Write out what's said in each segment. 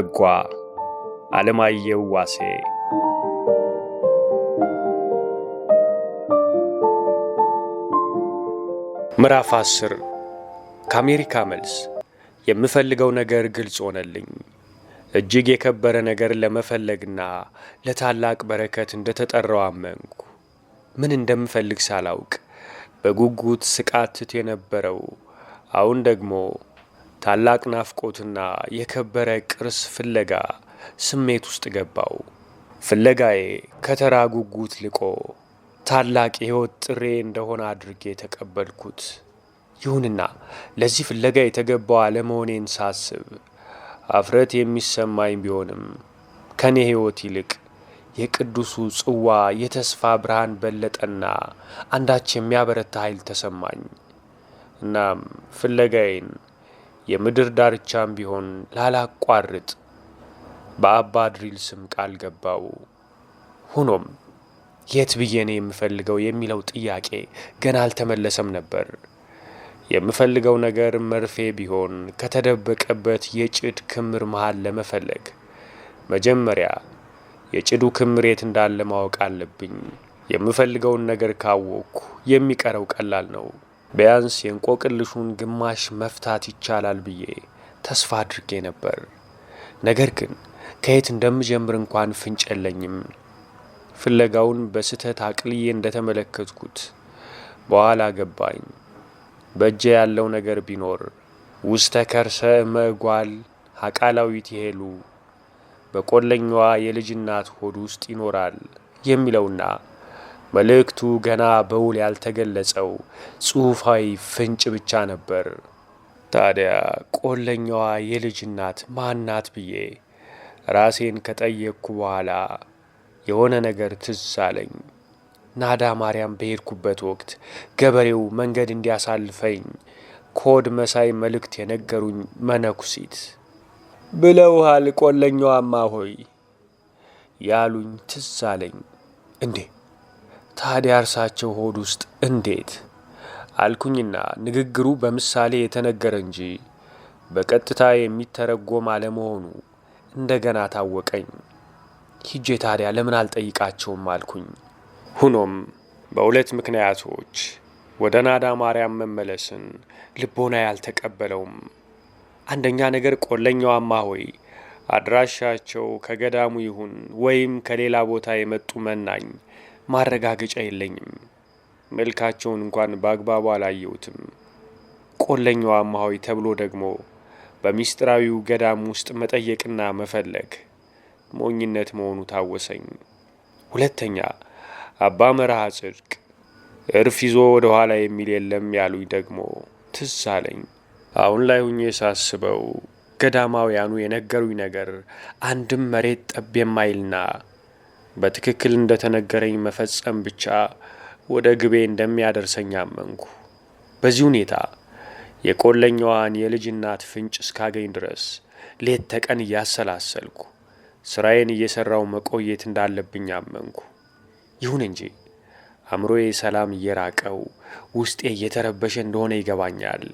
ተጓ። አለማየሁ ዋሴ ምዕራፍ 10 ከአሜሪካ መልስ የምፈልገው ነገር ግልጽ ሆነልኝ። እጅግ የከበረ ነገር ለመፈለግና ለታላቅ በረከት እንደተጠራው አመንኩ። ምን እንደምፈልግ ሳላውቅ በጉጉት ስቃትት የነበረው አሁን ደግሞ ታላቅ ናፍቆትና የከበረ ቅርስ ፍለጋ ስሜት ውስጥ ገባው። ፍለጋዬ ከተራ ጉጉት ልቆ ታላቅ የሕይወት ጥሬ እንደሆነ አድርጌ የተቀበልኩት። ይሁንና ለዚህ ፍለጋ የተገባው አለመሆኔን ሳስብ አፍረት የሚሰማኝ ቢሆንም ከኔ ሕይወት ይልቅ የቅዱሱ ጽዋ የተስፋ ብርሃን በለጠና አንዳች የሚያበረታ ኃይል ተሰማኝ። እናም ፍለጋዬን የምድር ዳርቻም ቢሆን ላላቋርጥ በአባ ድሪል ስም ቃል ገባው። ሆኖም የት ብዬ ነው የምፈልገው የሚለው ጥያቄ ገና አልተመለሰም ነበር። የምፈልገው ነገር መርፌ ቢሆን ከተደበቀበት የጭድ ክምር መሃል ለመፈለግ መጀመሪያ የጭዱ ክምር የት እንዳለ ማወቅ አለብኝ። የምፈልገውን ነገር ካወቅኩ የሚቀረው ቀላል ነው። ቢያንስ የእንቆቅልሹን ግማሽ መፍታት ይቻላል ብዬ ተስፋ አድርጌ ነበር። ነገር ግን ከየት እንደምጀምር እንኳን ፍንጭ የለኝም። ፍለጋውን በስህተት አቅልዬ እንደተመለከትኩት በኋላ ገባኝ። በእጄ ያለው ነገር ቢኖር ውስተ ከርሰ መጓል አቃላዊት ይሄሉ በቆለኛዋ የልጅናት ሆድ ውስጥ ይኖራል የሚለውና መልእክቱ ገና በውል ያልተገለጸው ጽሑፋዊ ፍንጭ ብቻ ነበር። ታዲያ ቆለኛዋ የልጅ እናት ማናት ብዬ ራሴን ከጠየቅኩ በኋላ የሆነ ነገር ትዝ አለኝ። ናዳ ማርያም በሄድኩበት ወቅት ገበሬው መንገድ እንዲያሳልፈኝ ኮድ መሳይ መልእክት የነገሩኝ መነኩሲት ብለውሃል ቆለኛዋማ ሆይ ያሉኝ ትዝ አለኝ። እንዴ ታዲያ እርሳቸው ሆድ ውስጥ እንዴት አልኩኝና ንግግሩ በምሳሌ የተነገረ እንጂ በቀጥታ የሚተረጎም አለመሆኑ እንደገና ታወቀኝ። ሂጄ ታዲያ ለምን አልጠይቃቸውም አልኩኝ። ሁኖም በሁለት ምክንያቶች ወደ ናዳ ማርያም መመለስን ልቦና ያልተቀበለውም፣ አንደኛ ነገር ቆለኛዋማ ሆይ አድራሻቸው ከገዳሙ ይሁን ወይም ከሌላ ቦታ የመጡ መናኝ ማረጋገጫ የለኝም። መልካቸውን እንኳን በአግባቡ አላየሁትም። ቆለኛው አማሃዊ ተብሎ ደግሞ በሚስጥራዊው ገዳም ውስጥ መጠየቅና መፈለግ ሞኝነት መሆኑ ታወሰኝ። ሁለተኛ አባ መርሃ ጽድቅ እርፍ ይዞ ወደ ኋላ የሚል የለም ያሉኝ ደግሞ ትዝ አለኝ። አሁን ላይ ሁኜ ሳስበው ገዳማውያኑ የነገሩኝ ነገር አንድም መሬት ጠብ የማይልና በትክክል እንደተነገረኝ መፈጸም ብቻ ወደ ግቤ እንደሚያደርሰኝ አመንኩ። በዚህ ሁኔታ የቆለኛዋን የልጅ እናት ፍንጭ እስካገኝ ድረስ ሌት ተቀን እያሰላሰልኩ ስራዬን እየሠራው መቆየት እንዳለብኝ አመንኩ። ይሁን እንጂ አእምሮዬ ሰላም እየራቀው ውስጤ እየተረበሸ እንደሆነ ይገባኛል።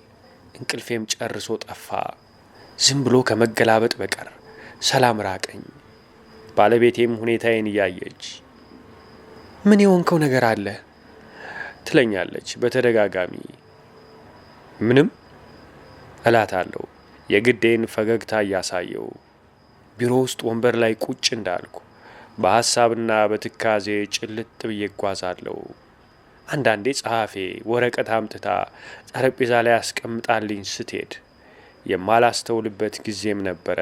እንቅልፌም ጨርሶ ጠፋ። ዝም ብሎ ከመገላበጥ በቀር ሰላም ራቀኝ። ባለቤቴም ሁኔታዬን እያየች ምን የሆንከው ነገር አለ ትለኛለች በተደጋጋሚ። ምንም እላታለሁ፣ የግዴን ፈገግታ እያሳየው ቢሮ ውስጥ ወንበር ላይ ቁጭ እንዳልኩ በሐሳብና በትካዜ ጭልጥ ብዬ እጓዛለሁ። አንዳንዴ ጸሐፌ ወረቀት አምጥታ ጠረጴዛ ላይ አስቀምጣልኝ ስትሄድ የማላስተውልበት ጊዜም ነበረ።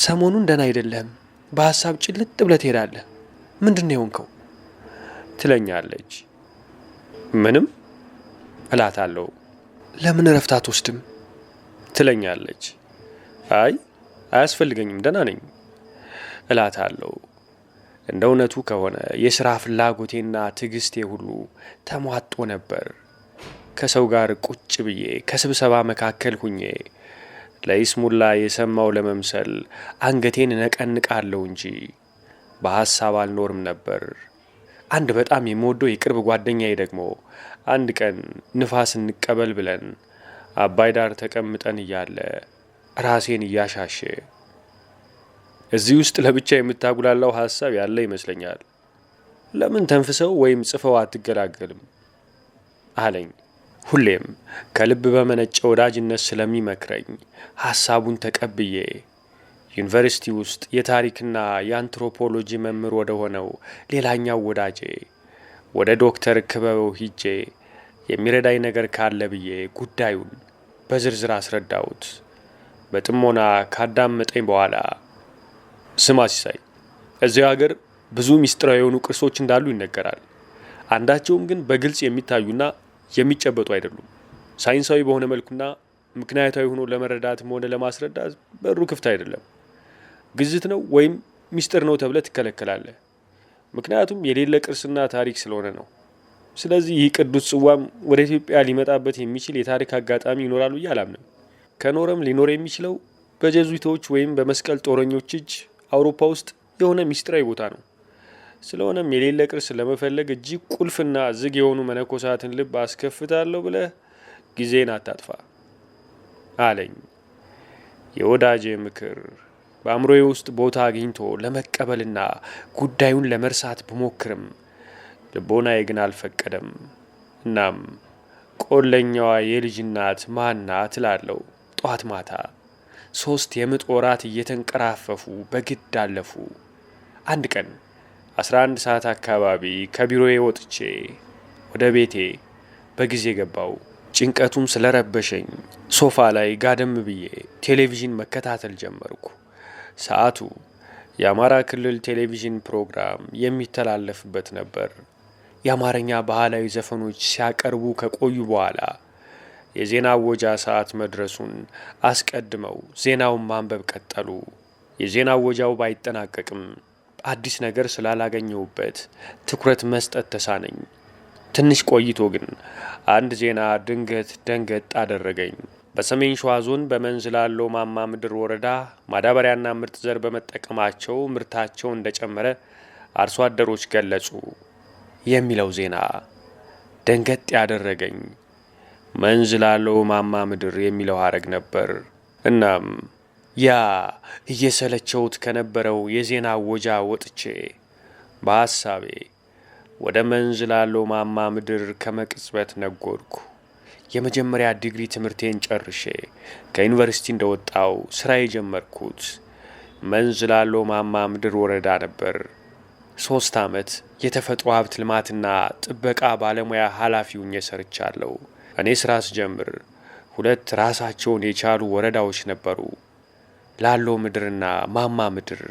ሰሞኑን ደህና አይደለህም፣ በሀሳብ ጭልጥ ብለህ ትሄዳለህ። ምንድን ነው የሆንከው? ትለኛለች። ምንም እላታለሁ። ለምን እረፍት አትወስድም? ትለኛለች። አይ አያስፈልገኝም፣ ደህና ነኝ እላታለሁ። እንደ እውነቱ ከሆነ የሥራ ፍላጎቴና ትዕግስቴ ሁሉ ተሟጦ ነበር። ከሰው ጋር ቁጭ ብዬ ከስብሰባ መካከል ሁኜ ለይስሙላ የሰማው ለመምሰል አንገቴን እነቀንቃለሁ እንጂ በሐሳብ አልኖርም ነበር። አንድ በጣም የምወደው የቅርብ ጓደኛዬ ደግሞ አንድ ቀን ንፋስ እንቀበል ብለን አባይ ዳር ተቀምጠን እያለ ራሴን እያሻሸ እዚህ ውስጥ ለብቻ የምታጉላላው ሐሳብ ያለ ይመስለኛል። ለምን ተንፍሰው ወይም ጽፈው አትገላገልም አለኝ። ሁሌም ከልብ በመነጨ ወዳጅነት ስለሚመክረኝ ሐሳቡን ተቀብዬ ዩኒቨርሲቲ ውስጥ የታሪክና የአንትሮፖሎጂ መምህር ወደ ሆነው ሌላኛው ወዳጄ ወደ ዶክተር ክበበው ሂጄ የሚረዳኝ ነገር ካለ ብዬ ጉዳዩን በዝርዝር አስረዳሁት። በጥሞና ካዳመጠኝ በኋላ ስማ ሲሳይ፣ እዚያው ሀገር ብዙ ሚስጥራዊ የሆኑ ቅርሶች እንዳሉ ይነገራል። አንዳቸውም ግን በግልጽ የሚታዩና የሚጨበጡ አይደሉም። ሳይንሳዊ በሆነ መልኩና ምክንያታዊ ሆኖ ለመረዳትም ሆነ ለማስረዳት በሩ ክፍት አይደለም። ግዝት ነው ወይም ሚስጥር ነው ተብለ ትከለከላለህ። ምክንያቱም የሌለ ቅርስና ታሪክ ስለሆነ ነው። ስለዚህ ይህ ቅዱስ ጽዋም ወደ ኢትዮጵያ ሊመጣበት የሚችል የታሪክ አጋጣሚ ይኖራል ብዬ አላምንም። ከኖረም ሊኖር የሚችለው በጀዙዊቶች ወይም በመስቀል ጦረኞች እጅ አውሮፓ ውስጥ የሆነ ሚስጥራዊ ቦታ ነው። ስለሆነም የሌለ ቅርስ ለመፈለግ እጅግ ቁልፍና ዝግ የሆኑ መነኮሳትን ልብ አስከፍታለሁ ብለህ ጊዜን አታጥፋ አለኝ። የወዳጄ ምክር በአእምሮዬ ውስጥ ቦታ አግኝቶ ለመቀበልና ጉዳዩን ለመርሳት ብሞክርም ልቦናዬ ግን አልፈቀደም። እናም ቆለኛዋ የልጅናት ማና ትላለው ጧት ማታ ሶስት የምጥ ወራት እየተንቀራፈፉ በግድ አለፉ። አንድ ቀን 11 ሰዓት አካባቢ ከቢሮዬ ወጥቼ ወደ ቤቴ በጊዜ ገባው። ጭንቀቱም ስለረበሸኝ ሶፋ ላይ ጋደም ብዬ ቴሌቪዥን መከታተል ጀመርኩ። ሰዓቱ የአማራ ክልል ቴሌቪዥን ፕሮግራም የሚተላለፍበት ነበር። የአማርኛ ባህላዊ ዘፈኖች ሲያቀርቡ ከቆዩ በኋላ የዜና አወጃ ሰዓት መድረሱን አስቀድመው ዜናውን ማንበብ ቀጠሉ። የዜና አወጃው ባይጠናቀቅም አዲስ ነገር ስላላገኘሁበት ትኩረት መስጠት ተሳነኝ። ትንሽ ቆይቶ ግን አንድ ዜና ድንገት ደንገጥ አደረገኝ። በሰሜን ሸዋ ዞን በመንዝ ማማ ምድር ወረዳ ማዳበሪያና ምርጥ ዘር በመጠቀማቸው ምርታቸው እንደጨመረ አርሶ አደሮች ገለጹ የሚለው ዜና ደንገጥ ያደረገኝ መንዝ ላሎ ማማ ምድር የሚለው ሀረግ ነበር። እናም ያ እየሰለቸውት ከነበረው የዜና ወጃ ወጥቼ በሐሳቤ ወደ መንዝ ላለው ማማ ምድር ከመቅጽበት ነጎድኩ። የመጀመሪያ ዲግሪ ትምህርቴን ጨርሼ ከዩኒቨርሲቲ እንደወጣው ሥራ የጀመርኩት መንዝ ላለው ማማ ምድር ወረዳ ነበር። ሦስት ዓመት የተፈጥሮ ሀብት ልማትና ጥበቃ ባለሙያ ኃላፊ ሁኜ ሰርቻለሁ። እኔ ሥራ ስጀምር ሁለት ራሳቸውን የቻሉ ወረዳዎች ነበሩ። ላሎ ምድርና ማማ ምድር።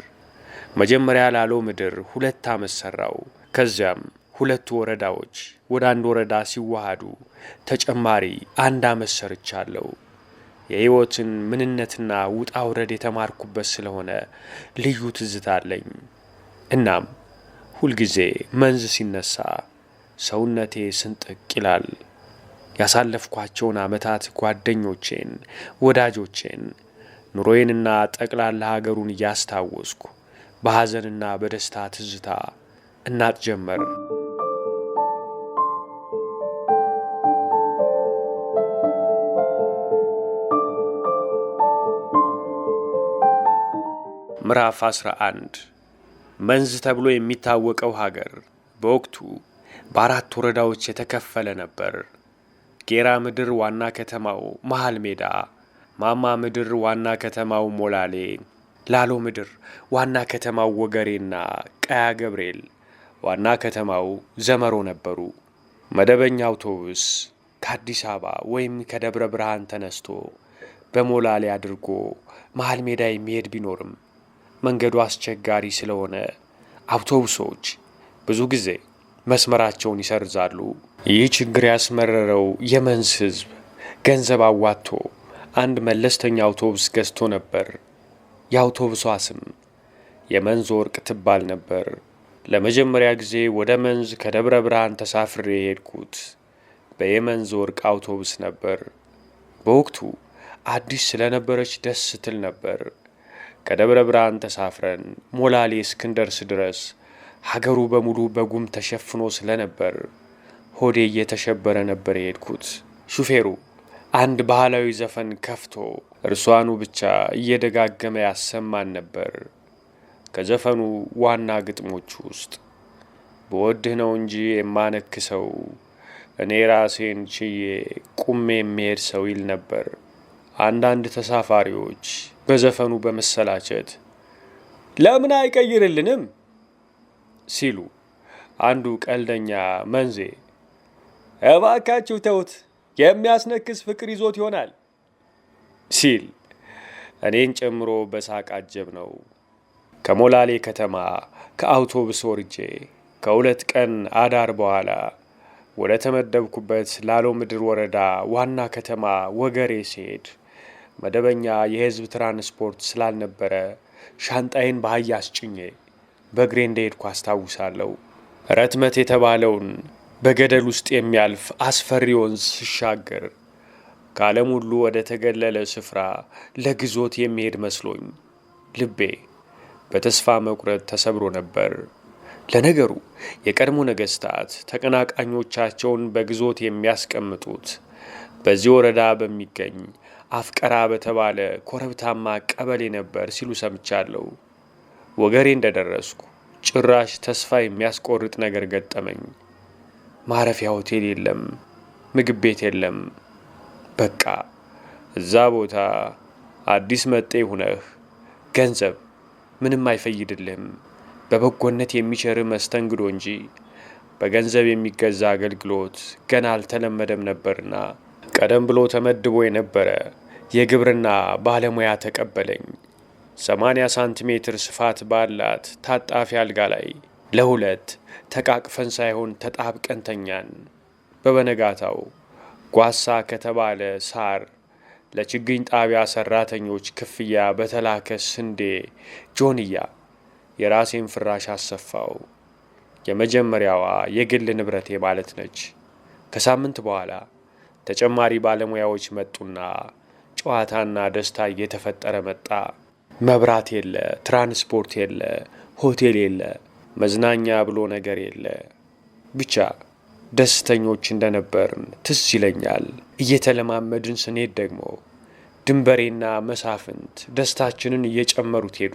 መጀመሪያ ላሎ ምድር ሁለት ዓመት ሠራው። ከዚያም ሁለቱ ወረዳዎች ወደ አንድ ወረዳ ሲዋሃዱ ተጨማሪ አንድ ዓመት ሰርቻለሁ። የሕይወትን ምንነትና ውጣ ውረድ የተማርኩበት ስለሆነ ልዩ ትዝታ አለኝ። እናም ሁልጊዜ መንዝ ሲነሳ ሰውነቴ ስንጥቅ ይላል። ያሳለፍኳቸውን ዓመታት ጓደኞቼን፣ ወዳጆቼን ኑሮዬንና ጠቅላላ ሀገሩን እያስታወስኩ በሐዘንና በደስታ ትዝታ እናጥ ጀመርን። ምዕራፍ 11 መንዝ ተብሎ የሚታወቀው ሀገር በወቅቱ በአራት ወረዳዎች የተከፈለ ነበር። ጌራ ምድር ዋና ከተማው መሃል ሜዳ ማማ ምድር ዋና ከተማው ሞላሌ፣ ላሎ ምድር ዋና ከተማው ወገሬና ቀያ ገብርኤል ዋና ከተማው ዘመሮ ነበሩ። መደበኛ አውቶቡስ ከአዲስ አበባ ወይም ከደብረ ብርሃን ተነስቶ በሞላሌ አድርጎ መሃል ሜዳ የሚሄድ ቢኖርም መንገዱ አስቸጋሪ ስለሆነ አውቶቡሶች ብዙ ጊዜ መስመራቸውን ይሰርዛሉ። ይህ ችግር ያስመረረው የመንዝ ሕዝብ ገንዘብ አዋጥቶ አንድ መለስተኛ አውቶቡስ ገዝቶ ነበር። የአውቶቡሷ ስም የመንዝ ወርቅ ትባል ነበር። ለመጀመሪያ ጊዜ ወደ መንዝ ከደብረ ብርሃን ተሳፍሬ የሄድኩት በየመንዝ ወርቅ አውቶቡስ ነበር። በወቅቱ አዲስ ስለነበረች ደስ ስትል ነበር። ከደብረ ብርሃን ተሳፍረን ሞላሌ እስክንደርስ ድረስ ሀገሩ በሙሉ በጉም ተሸፍኖ ስለነበር ሆዴ እየተሸበረ ነበር የሄድኩት ሹፌሩ አንድ ባህላዊ ዘፈን ከፍቶ እርሷኑ ብቻ እየደጋገመ ያሰማን ነበር። ከዘፈኑ ዋና ግጥሞች ውስጥ በወድህ ነው እንጂ የማነክሰው እኔ ራሴን ችዬ ቁሜ የሚሄድ ሰው ይል ነበር። አንዳንድ ተሳፋሪዎች በዘፈኑ በመሰላቸት ለምን አይቀይርልንም ሲሉ፣ አንዱ ቀልደኛ መንዜ እባካችሁ ተውት የሚያስነክስ ፍቅር ይዞት ይሆናል ሲል እኔን ጨምሮ በሳቅ አጀብ ነው። ከሞላሌ ከተማ ከአውቶቡስ ወርጄ ከሁለት ቀን አዳር በኋላ ወደ ተመደብኩበት ላሎ ምድር ወረዳ ዋና ከተማ ወገሬ ስሄድ መደበኛ የሕዝብ ትራንስፖርት ስላልነበረ ሻንጣዬን በአህያ አስጭኜ በእግሬ እንደሄድኩ አስታውሳለሁ። ረትመት የተባለውን በገደል ውስጥ የሚያልፍ አስፈሪ ወንዝ ስሻገር ከዓለም ሁሉ ወደ ተገለለ ስፍራ ለግዞት የሚሄድ መስሎኝ ልቤ በተስፋ መቁረጥ ተሰብሮ ነበር። ለነገሩ የቀድሞ ነገሥታት ተቀናቃኞቻቸውን በግዞት የሚያስቀምጡት በዚህ ወረዳ በሚገኝ አፍቀራ በተባለ ኮረብታማ ቀበሌ ነበር ሲሉ ሰምቻለሁ። ወገሬ እንደደረስኩ ጭራሽ ተስፋ የሚያስቆርጥ ነገር ገጠመኝ። ማረፊያ ሆቴል የለም፣ ምግብ ቤት የለም። በቃ እዛ ቦታ አዲስ መጤ ሁነህ ገንዘብ ምንም አይፈይድልህም፣ በበጎነት የሚቸርህ መስተንግዶ እንጂ በገንዘብ የሚገዛ አገልግሎት ገና አልተለመደም ነበርና ቀደም ብሎ ተመድቦ የነበረ የግብርና ባለሙያ ተቀበለኝ። ሰማንያ ሳንቲሜትር ስፋት ባላት ታጣፊ አልጋ ላይ ለሁለት ተቃቅፈን ሳይሆን ተጣብቀን ተኛን። በበነጋታው ጓሳ ከተባለ ሳር ለችግኝ ጣቢያ ሰራተኞች ክፍያ በተላከ ስንዴ ጆንያ የራሴን ፍራሽ አሰፋው። የመጀመሪያዋ የግል ንብረቴ ማለት ነች። ከሳምንት በኋላ ተጨማሪ ባለሙያዎች መጡና ጨዋታና ደስታ እየተፈጠረ መጣ። መብራት የለ፣ ትራንስፖርት የለ፣ ሆቴል የለ። መዝናኛ ብሎ ነገር የለ። ብቻ ደስተኞች እንደነበርን ትዝ ይለኛል። እየተለማመድን ስንሄድ ደግሞ ድንበሬና መሳፍንት ደስታችንን እየጨመሩት ሄዱ።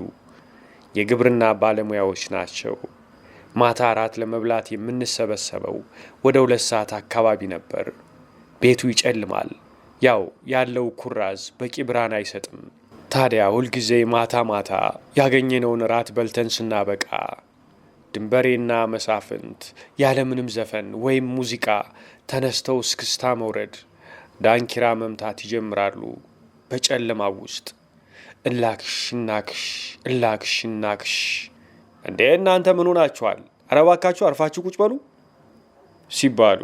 የግብርና ባለሙያዎች ናቸው። ማታ አራት ለመብላት የምንሰበሰበው ወደ ሁለት ሰዓት አካባቢ ነበር። ቤቱ ይጨልማል። ያው ያለው ኩራዝ በቂ ብርሃን አይሰጥም። ታዲያ ሁልጊዜ ማታ ማታ ያገኘነውን ራት በልተን ስናበቃ ድንበሬና መሳፍንት ያለምንም ዘፈን ወይም ሙዚቃ ተነስተው እስክስታ መውረድ፣ ዳንኪራ መምታት ይጀምራሉ። በጨለማ ውስጥ እላክሽ እናክሽ እላክሽ እናክሽ። እንዴ እናንተ ምን ሆናችኋል? ኧረ እባካችሁ አርፋችሁ ቁጭ በሉ ሲባሉ፣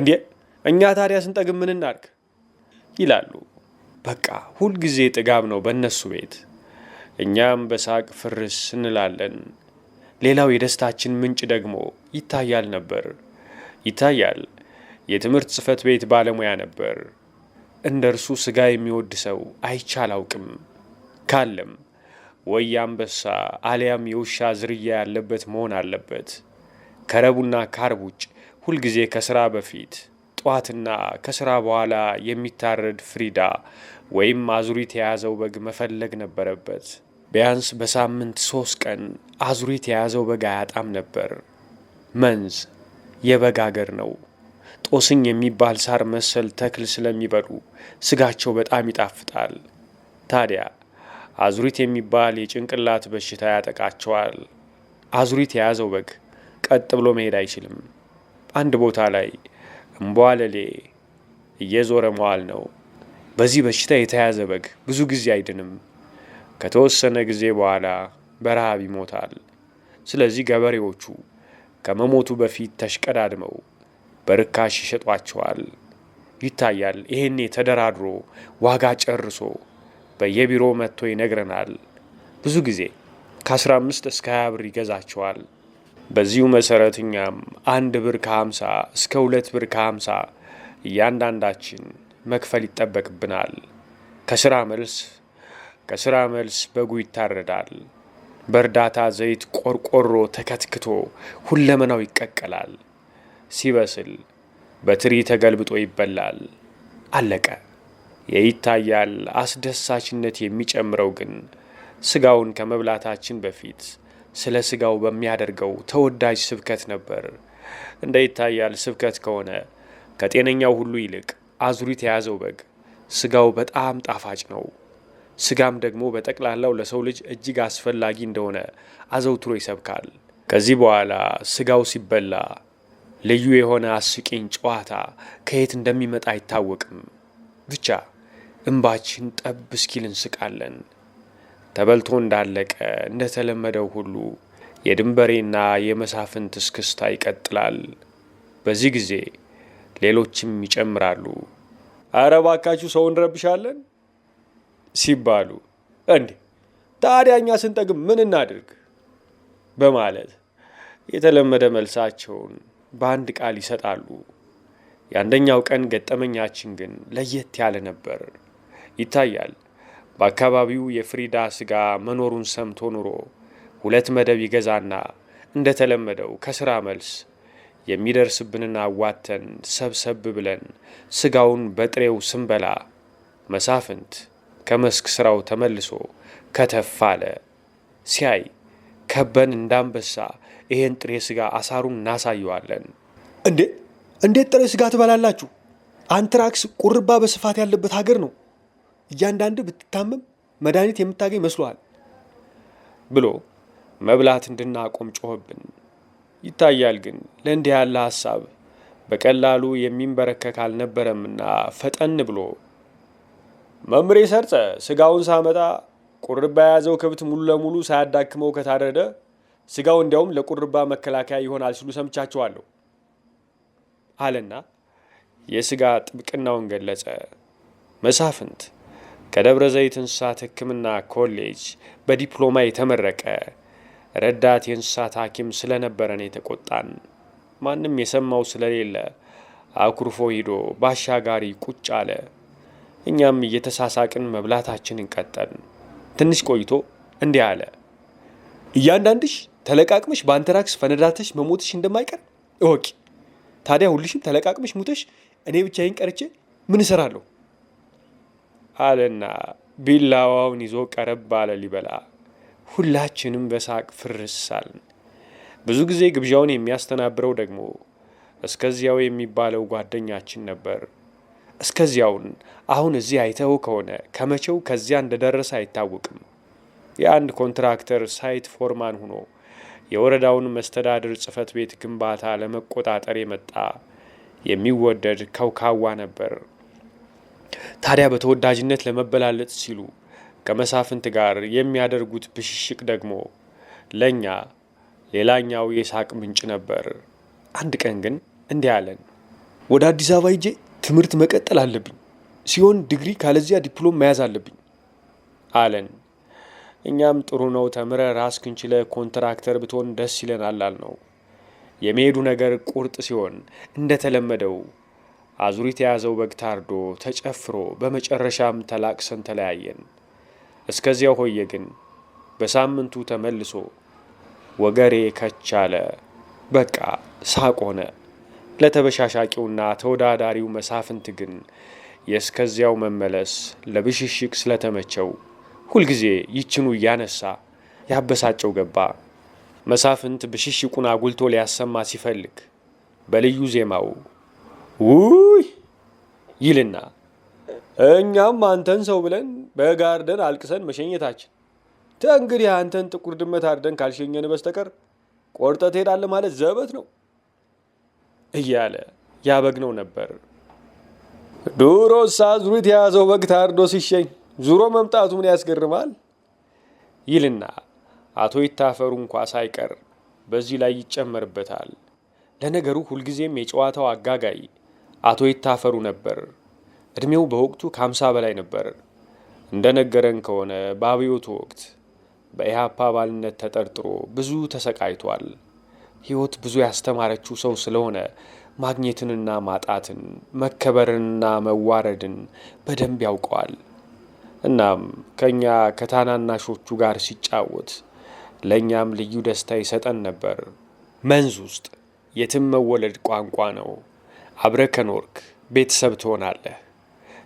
እንዴ እኛ ታዲያ ስንጠግብ ምን እናድርግ ይላሉ። በቃ ሁልጊዜ ጥጋብ ነው በእነሱ ቤት። እኛም በሳቅ ፍርስ እንላለን። ሌላው የደስታችን ምንጭ ደግሞ ይታያል ነበር። ይታያል የትምህርት ጽፈት ቤት ባለሙያ ነበር። እንደ እርሱ ሥጋ የሚወድ ሰው አይቻላውቅም። ካለም ወይ አንበሳ አሊያም የውሻ ዝርያ ያለበት መሆን አለበት። ከረቡና ካርብ ውጭ ሁልጊዜ ከሥራ በፊት ጠዋትና ከሥራ በኋላ የሚታረድ ፍሪዳ ወይም አዙሪት የያዘው በግ መፈለግ ነበረበት። ቢያንስ በሳምንት ሶስት ቀን አዙሪት የያዘው በግ አያጣም ነበር። መንዝ የበግ አገር ነው። ጦስኝ የሚባል ሳር መሰል ተክል ስለሚበሉ ስጋቸው በጣም ይጣፍጣል። ታዲያ አዙሪት የሚባል የጭንቅላት በሽታ ያጠቃቸዋል። አዙሪት የያዘው በግ ቀጥ ብሎ መሄድ አይችልም። አንድ ቦታ ላይ እምቧለሌ እየዞረ መዋል ነው። በዚህ በሽታ የተያዘ በግ ብዙ ጊዜ አይድንም። ከተወሰነ ጊዜ በኋላ በረሃብ ይሞታል። ስለዚህ ገበሬዎቹ ከመሞቱ በፊት ተሽቀዳድመው በርካሽ ይሸጧቸዋል። ይታያል። ይሄኔ ተደራድሮ ዋጋ ጨርሶ በየቢሮ መጥቶ ይነግረናል። ብዙ ጊዜ ከ15 እስከ 20 ብር ይገዛቸዋል። በዚሁ መሰረት እኛም አንድ ብር ከ50 እስከ ሁለት ብር ከ50 እያንዳንዳችን መክፈል ይጠበቅብናል። ከስራ መልስ ከሥራ መልስ በጉ ይታረዳል። በእርዳታ ዘይት ቆርቆሮ ተከትክቶ ሁለመናው ይቀቀላል። ሲበስል በትሪ ተገልብጦ ይበላል። አለቀ። የይታያል አስደሳችነት የሚጨምረው ግን ስጋውን ከመብላታችን በፊት ስለ ስጋው በሚያደርገው ተወዳጅ ስብከት ነበር። እንደ ይታያል ስብከት ከሆነ ከጤነኛው ሁሉ ይልቅ አዙሪት የያዘው በግ ስጋው በጣም ጣፋጭ ነው። ስጋም ደግሞ በጠቅላላው ለሰው ልጅ እጅግ አስፈላጊ እንደሆነ አዘውትሮ ይሰብካል። ከዚህ በኋላ ስጋው ሲበላ ልዩ የሆነ አስቂኝ ጨዋታ ከየት እንደሚመጣ አይታወቅም። ብቻ እምባችን ጠብ እስኪል እንስቃለን። ተበልቶ እንዳለቀ እንደተለመደው ሁሉ የድንበሬና የመሳፍንት እስክስታ ይቀጥላል። በዚህ ጊዜ ሌሎችም ይጨምራሉ። አረ ባካችሁ ሰው እንረብሻለን። ሲባሉ እንዴ ታዲያ እኛ ስንጠግብ ምን እናድርግ በማለት የተለመደ መልሳቸውን በአንድ ቃል ይሰጣሉ። የአንደኛው ቀን ገጠመኛችን ግን ለየት ያለ ነበር። ይታያል በአካባቢው የፍሪዳ ስጋ መኖሩን ሰምቶ ኑሮ ሁለት መደብ ይገዛና እንደተለመደው ከስራ መልስ የሚደርስብንን አዋተን ሰብሰብ ብለን ስጋውን በጥሬው ስንበላ መሳፍንት ከመስክ ስራው ተመልሶ ከተፍ አለ። ሲያይ ከበን እንዳንበሳ ይሄን ጥሬ ስጋ አሳሩን እናሳየዋለን። እንዴ እንዴት ጥሬ ስጋ ትበላላችሁ? አንትራክስ ቁርባ በስፋት ያለበት ሀገር ነው። እያንዳንድ ብትታመም መድኃኒት የምታገኝ መስሏል ብሎ መብላት እንድናቆም ጮኸብን። ይታያል ግን ለእንዲህ ያለ ሀሳብ በቀላሉ የሚንበረከክ አልነበረምና ፈጠን ብሎ መምሬ ሰርጸ ስጋውን ሳመጣ ቁርባ የያዘው ከብት ሙሉ ለሙሉ ሳያዳክመው ከታረደ ስጋው እንዲያውም ለቁርባ መከላከያ ይሆናል ሲሉ ሰምቻቸዋለሁ አለና የስጋ ጥብቅናውን ገለጸ። መሳፍንት ከደብረ ዘይት እንስሳት ሕክምና ኮሌጅ በዲፕሎማ የተመረቀ ረዳት የእንስሳት ሐኪም ስለነበረን የተቆጣን ማንም የሰማው ስለሌለ አኩርፎ ሂዶ ባሻጋሪ ቁጭ አለ። እኛም እየተሳሳቅን መብላታችንን ቀጠልን። ትንሽ ቆይቶ እንዲህ አለ። እያንዳንድሽ ተለቃቅመሽ በአንትራክስ ፈነዳተሽ መሞትሽ እንደማይቀር እወቂ። ታዲያ ሁልሽም ተለቃቅመሽ ሙተሽ እኔ ብቻዬን ቀርቼ ምን እሰራለሁ? አለና ቢላዋውን ይዞ ቀረብ አለ ሊበላ። ሁላችንም በሳቅ ፍርስ አልን። ብዙ ጊዜ ግብዣውን የሚያስተናብረው ደግሞ እስከዚያው የሚባለው ጓደኛችን ነበር። እስከዚያውን አሁን እዚህ አይተው ከሆነ ከመቼው ከዚያ እንደደረሰ አይታወቅም። የአንድ ኮንትራክተር ሳይት ፎርማን ሆኖ የወረዳውን መስተዳድር ጽህፈት ቤት ግንባታ ለመቆጣጠር የመጣ የሚወደድ ከውካዋ ነበር። ታዲያ በተወዳጅነት ለመበላለጥ ሲሉ ከመሳፍንት ጋር የሚያደርጉት ብሽሽቅ ደግሞ ለእኛ ሌላኛው የሳቅ ምንጭ ነበር። አንድ ቀን ግን እንዲህ አለን። ወደ አዲስ አበባ ሂጄ ትምህርት መቀጠል አለብኝ ሲሆን ዲግሪ ካለዚያ ዲፕሎም መያዝ አለብኝ አለን። እኛም ጥሩ ነው ተምረ ራስክን ችለ ኮንትራክተር ብትሆን ደስ ይለናል አልነው። የመሄዱ ነገር ቁርጥ ሲሆን እንደተለመደው አዙሪት የያዘው በግ ታርዶ ተጨፍሮ በመጨረሻም ተላቅሰን ተለያየን። እስከዚያው ሆየ ግን በሳምንቱ ተመልሶ ወገሬ ከቻለ በቃ ሳቅ ሆነ። ለተበሻሻቂውና ተወዳዳሪው መሳፍንት ግን የእስከዚያው መመለስ ለብሽሽቅ ስለተመቸው ሁልጊዜ ይችኑ እያነሳ ያበሳጨው ገባ። መሳፍንት ብሽሽቁን አጉልቶ ሊያሰማ ሲፈልግ በልዩ ዜማው ውይ ይልና እኛም አንተን ሰው ብለን በጋርደን አልቅሰን መሸኘታችን ተእንግዲህ አንተን ጥቁር ድመት አርደን ካልሸኘን በስተቀር ቆርጠ ትሄዳለህ ማለት ዘበት ነው። እያለ ያበግነው ነበር። ዱሮ ሳዙሪት የያዘው በግ ታርዶ ሲሸኝ ዙሮ መምጣቱ ምን ያስገርማል ይልና አቶ ይታፈሩ እንኳ ሳይቀር በዚህ ላይ ይጨመርበታል። ለነገሩ ሁልጊዜም የጨዋታው አጋጋይ አቶ ይታፈሩ ነበር። እድሜው በወቅቱ ከአምሳ በላይ ነበር። እንደነገረን ከሆነ በአብዮቱ ወቅት በኢህአፓ አባልነት ተጠርጥሮ ብዙ ተሰቃይቷል። ሕይወት ብዙ ያስተማረችው ሰው ስለሆነ ማግኘትንና ማጣትን፣ መከበርንና መዋረድን በደንብ ያውቀዋል። እናም ከእኛ ከታናናሾቹ ጋር ሲጫወት ለእኛም ልዩ ደስታ ይሰጠን ነበር። መንዝ ውስጥ የትም መወለድ ቋንቋ ነው። አብረ ከኖርክ ቤተሰብ ትሆናለህ።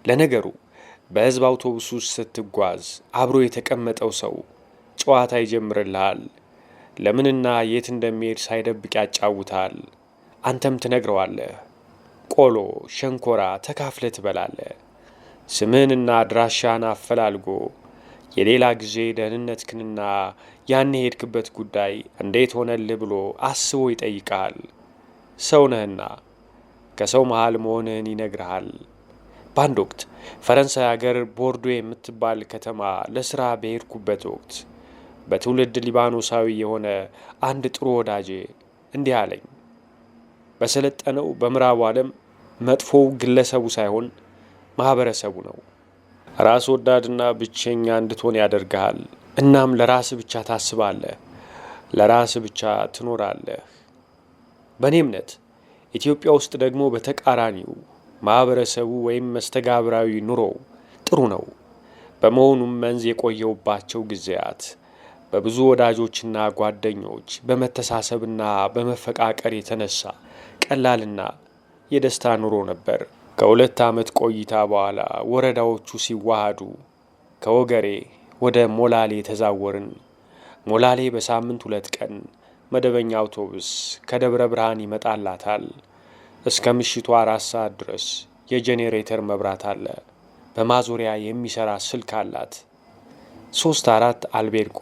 ለነገሩ በሕዝብ አውቶቡስ ውስጥ ስትጓዝ አብሮ የተቀመጠው ሰው ጨዋታ ይጀምርልሃል። ለምንና የት እንደሚሄድ ሳይደብቅ ያጫውታል። አንተም ትነግረዋለህ። ቆሎ፣ ሸንኮራ ተካፍለ ትበላለ። ስምህንና አድራሻህን አፈላልጎ የሌላ ጊዜ ደህንነትክንና ያን የሄድክበት ጉዳይ እንዴት ሆነልህ ብሎ አስቦ ይጠይቃል። ሰው ነህና ከሰው መሃል መሆንህን ይነግርሃል። በአንድ ወቅት ፈረንሳይ አገር ቦርዶ የምትባል ከተማ ለሥራ በሄድኩበት ወቅት በትውልድ ሊባኖሳዊ የሆነ አንድ ጥሩ ወዳጄ እንዲህ አለኝ። በሰለጠነው በምዕራቡ ዓለም መጥፎው ግለሰቡ ሳይሆን ማኅበረሰቡ ነው። ራስ ወዳድና ብቸኛ እንድትሆን ያደርግሃል። እናም ለራስ ብቻ ታስባለህ፣ ለራስ ብቻ ትኖራለህ። በእኔ እምነት ኢትዮጵያ ውስጥ ደግሞ በተቃራኒው ማኅበረሰቡ ወይም መስተጋብራዊ ኑሮው ጥሩ ነው። በመሆኑም መንዝ የቆየውባቸው ጊዜያት በብዙ ወዳጆችና ጓደኞች በመተሳሰብና በመፈቃቀር የተነሳ ቀላልና የደስታ ኑሮ ነበር። ከሁለት ዓመት ቆይታ በኋላ ወረዳዎቹ ሲዋሃዱ ከወገሬ ወደ ሞላሌ ተዛወርን። ሞላሌ በሳምንት ሁለት ቀን መደበኛ አውቶቡስ ከደብረ ብርሃን ይመጣላታል። እስከ ምሽቱ አራት ሰዓት ድረስ የጄኔሬተር መብራት አለ። በማዞሪያ የሚሠራ ስልክ አላት። ሶስት አራት አልቤርጎ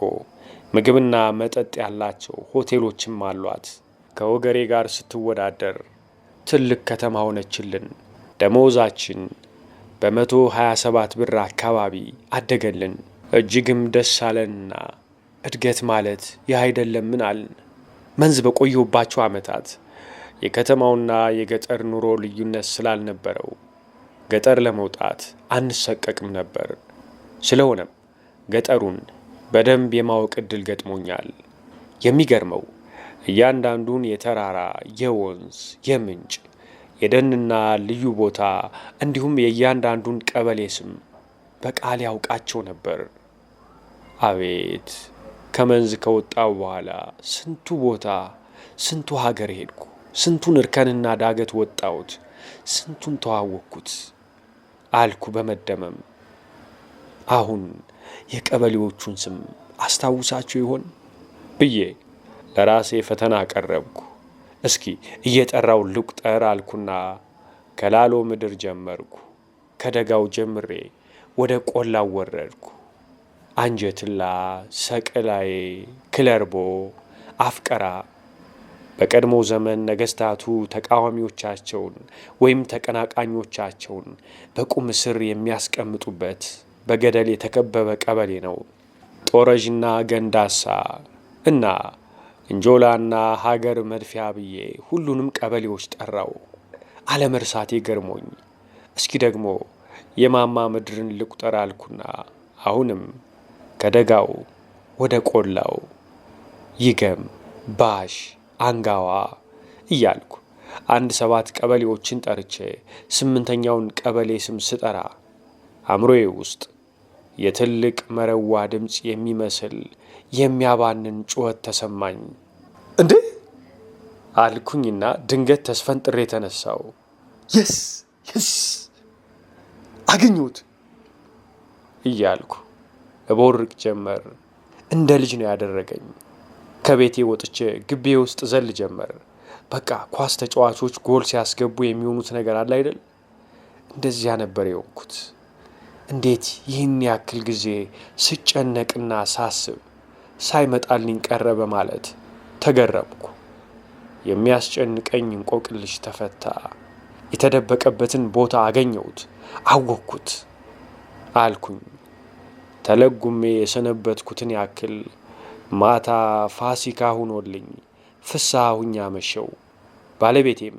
ምግብና መጠጥ ያላቸው ሆቴሎችም አሏት። ከወገሬ ጋር ስትወዳደር ትልቅ ከተማ ሆነችልን። ደመወዛችን በመቶ 27 ብር አካባቢ አደገልን። እጅግም ደስ አለንና እድገት ማለት ይህ ምን አልን። መንዝ በቆየሁባቸው ዓመታት የከተማውና የገጠር ኑሮ ልዩነት ስላልነበረው ገጠር ለመውጣት አንሰቀቅም ነበር። ስለሆነም ገጠሩን በደንብ የማወቅ እድል ገጥሞኛል። የሚገርመው እያንዳንዱን የተራራ፣ የወንዝ፣ የምንጭ፣ የደንና ልዩ ቦታ እንዲሁም የእያንዳንዱን ቀበሌ ስም በቃል ያውቃቸው ነበር። አቤት ከመንዝ ከወጣው በኋላ ስንቱ ቦታ ስንቱ ሀገር ሄድኩ። ስንቱን እርከንና ዳገት ወጣሁት። ስንቱን ተዋወቅኩት አልኩ በመደመም አሁን የቀበሌዎቹን ስም አስታውሳቸው ይሆን ብዬ ለራሴ ፈተና ቀረብኩ። እስኪ እየጠራው ልቁጠር አልኩና ከላሎ ምድር ጀመርኩ። ከደጋው ጀምሬ ወደ ቆላው ወረድኩ። አንጀትላ፣ ሰቅላዬ፣ ክለርቦ፣ አፍቀራ በቀድሞ ዘመን ነገስታቱ ተቃዋሚዎቻቸውን ወይም ተቀናቃኞቻቸውን በቁም ስር የሚያስቀምጡበት በገደል የተከበበ ቀበሌ ነው። ጦረዥና ገንዳሳ እና እንጆላና ሀገር መድፊያ ብዬ ሁሉንም ቀበሌዎች ጠራው። አለመርሳቴ ገርሞኝ እስኪ ደግሞ የማማ ምድርን ልቁጠር አልኩና አሁንም ከደጋው ወደ ቆላው ይገም፣ ባሽ፣ አንጋዋ እያልኩ አንድ ሰባት ቀበሌዎችን ጠርቼ ስምንተኛውን ቀበሌ ስም ስጠራ አእምሮዬ ውስጥ የትልቅ መረዋ ድምፅ የሚመስል የሚያባንን ጩኸት ተሰማኝ። እንዴ አልኩኝና ድንገት ተስፈንጥሬ የተነሳው የስ የስ አገኘሁት እያልኩ እቦርቅ ጀመር። እንደ ልጅ ነው ያደረገኝ። ከቤቴ ወጥቼ ግቢ ውስጥ ዘል ጀመር። በቃ ኳስ ተጫዋቾች ጎል ሲያስገቡ የሚሆኑት ነገር አለ አይደል? እንደዚያ ነበር የወቅኩት። እንዴት ይህን ያክል ጊዜ ስጨነቅና ሳስብ ሳይመጣልኝ ቀረ በማለት ተገረምኩ። የሚያስጨንቀኝ እንቆቅልሽ ተፈታ። የተደበቀበትን ቦታ አገኘሁት፣ አወቅኩት አልኩኝ። ተለጉሜ የሰነበትኩትን ያክል ማታ ፋሲካ ሁኖልኝ ፍስሐ ሁኛ መሸው። ባለቤቴም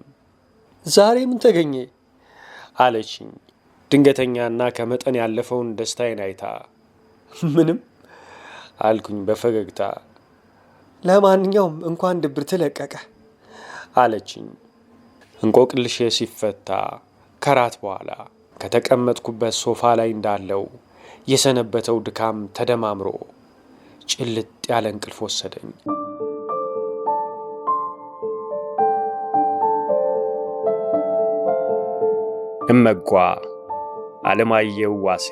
ዛሬ ምን ተገኘ አለችኝ። ድንገተኛና ከመጠን ያለፈውን ደስታዬን አይታ ምንም አልኩኝ በፈገግታ። ለማንኛውም እንኳን ድብርት ለቀቀ አለችኝ እንቆቅልሼ ሲፈታ ከራት በኋላ ከተቀመጥኩበት ሶፋ ላይ እንዳለው የሰነበተው ድካም ተደማምሮ ጭልጥ ያለ እንቅልፍ ወሰደኝ። እመጓ አለማየሁ ዋሴ